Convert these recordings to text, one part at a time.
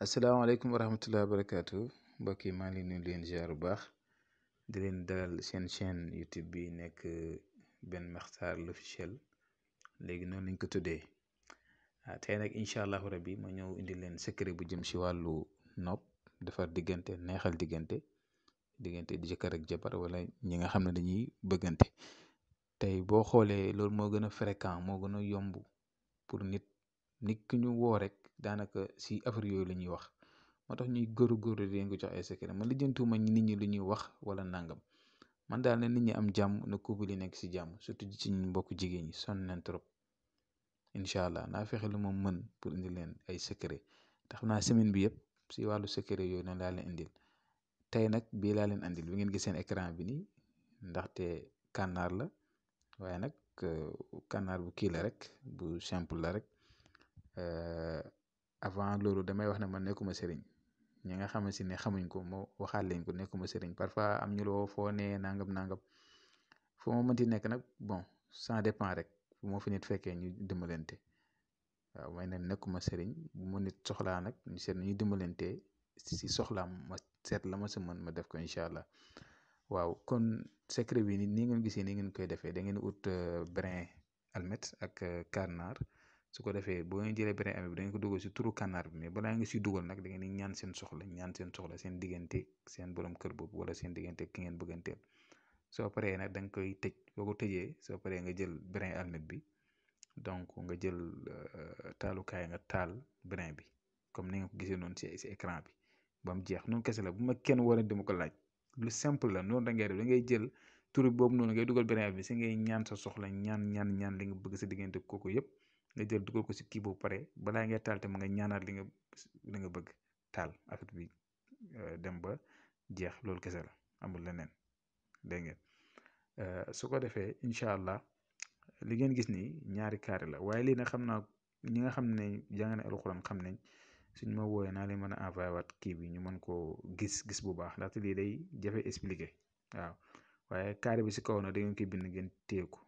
asalaamaaleykum wa rahmatulah wa barakaatu mbokk yi maa ngi leen di leen ziar bu baax di leen dalal seen chaîne YouTube bi nekk benn Makhtar l'officiel léegi noonu lañ ko tuddee ah, tey nag incha allahu rabi moo ñëw indi leen secret bu jëm si wàllu nopp defar diggante neexal diggante diggante jëkkër ak jabar wala ñi nga xam ne dañuy bëggante tey boo xoolee loolu moo gën a fréquent moo gën a yomb pour nit nit ki ñu woo rek. daanaka si affaire yooyu la ñuy wax moo tax ñuy góorgóorlu di leen ko jox ay secret man lijjantiwuma nit ñi lu ñuy wax wala nangam man daal na nit ñi am jàmm na couple yi nekk si jàmm surtout ci ñun mbokk jigéen ñi sonn nañ trop incha allah naa fexe lu ma mën pour indi leen ay secret te xam naa semaine bi yëpp si wàllu secret yooyu noonu laa leen indil tey nag bii laa leen andil bi ngeen gis seen écran bi nii ndaxte kànnaar la waaye nag euh, kànnaar bu kii rek bu simple la rek. Euh, avant loolu damay wax ne man nekkuma sëriñ ñi nga xamante ne xamuñ ko moo waxaal leen ko nekkuma sëriñ parfois am ñu la woo foo nee nangam nangam fo ma mënti nekk nag bon ça dépend rek bu ma fi nit fekkee ñu dimbalante waaw may ne nekkuma sëriñ bu ma nit soxlaa nag ñu seet ñu dimbalante si soxlaam ma seet la ma sa mën ma def ko incha allah waaw kon secret bi nii ngeen gisee nii ngeen koy defee da ngeen ut euh, brin almet ak karnaar euh, su ko defee bo leen jëlee beneen ami bi da ko dugal si turu kanaar bi mais balaa nga si dugal nag da ngeen di ñaan seen soxla ñaan seen soxla seen diggante seen borom kër boobu wala seen diggante ki ngeen bëgganteel soo paree nag da nga koy tëj boo ko tëjee soo paree nga jël beneen almet bi donc nga jël euh, taalukaay nga taal beneen bi comme ni nga ko gisee noonu si si écran bi ba mu jeex noonu kese la bu ma kenn war dem ko laaj lu simple la noonu da ngay def da ngay jël tur boobu noonu ngay dugal beneen bi si ngay ñaan sa soxla ñaan ñaan ñaan li nga bëgg sa diggante kooku yëpp nga jël dugal ko si kii boobu pare balaa ngay taal tamit nga ñaanaat li nga li nga bëgg taal affaire bi euh, dem ba jeex loolu kese la amul leneen dégg ngeen euh, su ko defee incha allah li ngeen gis nii ñaari carré la waaye lii nag xam naa ñi nga xam ne jàng na alxuraan xam nañ suñ ma wooyee naa leen mën a envoyé waat kii bi ñu mën koo gis gis bu baax ndaxte lii day jafe expliqué waaw waaye kaare bi si kaw na da ngeen koy bind ngeen téye ko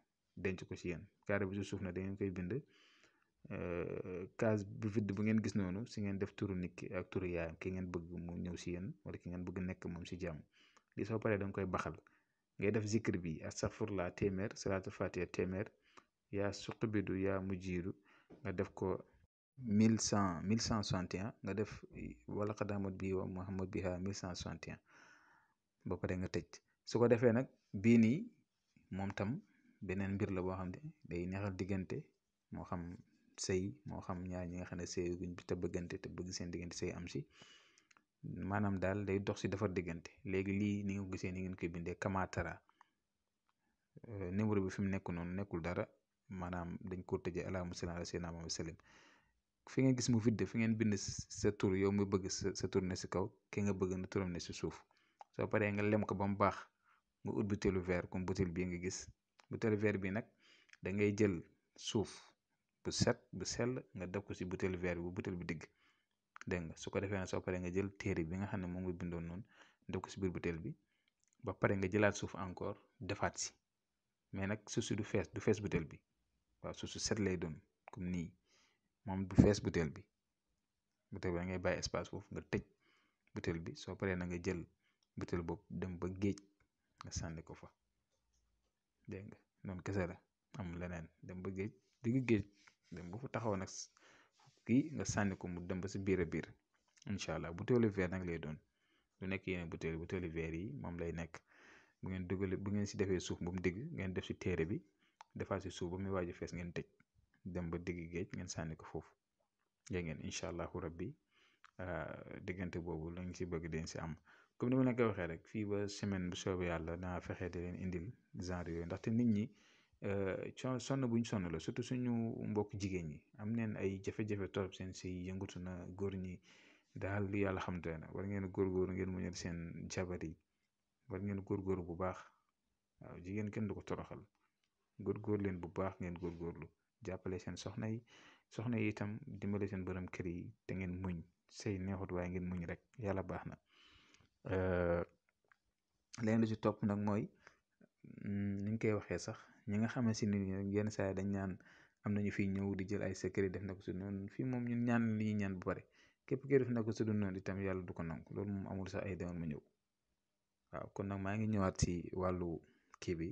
denc ko si yéen carré bi si suuf na da ngeen koy bind. Euh, case bu vide bu ngeen gis noonu si ngeen def turu nit ki ak turu yaayam ki ngeen bëgg mu ñëw si yéen wala ki ngeen bëgg nekk moom si jàmm li soo paree da nga koy baxal ngay def zikr bi astaghfirullah téeméer salaatul a téeméer yaa suqbidu yaa mujiiru nga def ko mille cent mille cent soixante nga def wala xadaamat bi wa muhammad biha mille cent soixante et un nga tëj su ko defee nag bii nii moom tam beneen mbir la boo xam ne day neexal diggante moo xam sëy moo xam ñaar ñi nga xam ne bi te bëggante te bëgg seen diggante sey am si maanaam daal day dox si defar diggante léegi lii ni nga ko gisee ni ngeen koy bindee kamaatara euh, numéro bi fi mu nekk noonu nekkul dara maanaam dañ ko tëjee alaamu salaam ala sayyidina Muhammad salim fi ngeen gis mu vidde fi ngeen bind sa tur yow mu bëgg sa tur ne si kaw ki nga bëgg na turam ne si suuf soo paree nga lem ko ba mu baax nga ut butéelu verre comme butéel bii nga gis butéelu verre bi nag da ngay jël suuf bu set bu sell nga def ko ci butéel verre bu butéel bi digg dégg nga su ko defee nag soo paree nga jël téere bi nga xam ne moom nga bindoon noonu def ko si biir butéel bi ba pare nga jëlaat suuf encore defaat si mais nag suuf si du fees du fees butéel bi waaw suuf su set lay doon comme nii moom du fees butéel bi butéel bi da ngay bàyyi espace foofu nga tëj butéel bi soo paree na nga jël butéel boobu dem ba géej nga sànni ko fa dégg nga noonu kese la amul leneen dem ba géej digg géej. dem bu fu taxaw nag kii nga sànni ko mu dem ba si biir biir incha allah butéelu verre nag lay doon lu nekk yeneen butéel butéelu verre yi moom lay nekk bu ngeen dugalee bu ngeen si defee suuf ba mu digg ngeen def si téere bi defaat si suuf ba muy waaj a fees ngeen tëj dem ba digg géej ngeen sànni ko foofu yaa ngeen incha allahu rabbi ah, diggante boobu lañ si bëgg den si am. comme ni ma leen ko waxee rek fii ba semaine bu soobee yàlla naa fexe di leen indil genre yooyu ndaxte nit ñi. co sonn buñ sonn la surtout suñu mbokk jigéen ñi am neen ay jafe-jafe torop seen si yëngatu na góor ñi daal li yàlla xam te war ngeen góorgóor ngeen muñal seen jabar yi war ngeen góorgóor bu baax waaw jigéen kenn du ko toroxal góorgóor leen bu baax ngeen góorgóorlu jàppale seen soxna yi soxna yi itam dimbale seen borom kër yi te ngeen muñ sëy neexut waaye ngeen muñ rek yàlla baax na leneen lu ci topp nag mooy mm, niñ koy waxee sax ñi nga xamante ni yenn saa yi dañ ñaan am nañu fiy ñëw di jël ay secret def na ko su noonu fii moom ñun ñaan li ñaan bu bari képp kii def na ko su noonu itam yàlla du ko nangu loolu moom amul sax ay demal ma ñëw waaw kon nag maa ngi ñëwaat si wàllu kii bi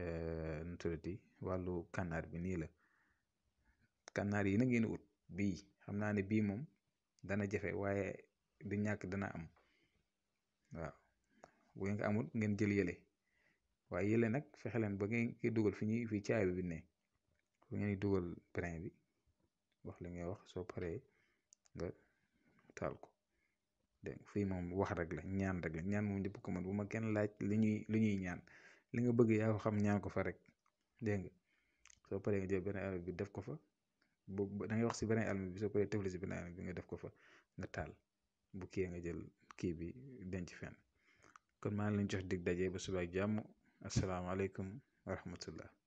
eh, nu tuddati wàllu kànnaar bi nii la kanaar yi na ngeen ut bii xam naa ne bii moom dana jafe waaye du ñàkk dana am waaw bu ngeen ko amul ngeen jël yële waaye yële nag fexe leen ba ngeen ki dugal fi ñuy fi caabi bi ne bu ngeen di dugal brin bi wax li ngay wax soo paree nga taal ko dégg fii moom wax rek la ñaan rek la ñaan moom di ko man bu ma kenn laaj li ñuy li ñuy ñaan li nga bëgg yaa ko xam ñaan ko fa rek dégg nga soo paree nga jël beneen almet bi def ko fa bu da ngay wax si beneen almet bi soo paree tëfli si beneen almet bi nga def ko fa nga taal bu kii nga jël kii bi denc fenn kon maa ngi leen jox dig daje ba suba ak jàmm السلام عليكم ورحمة الله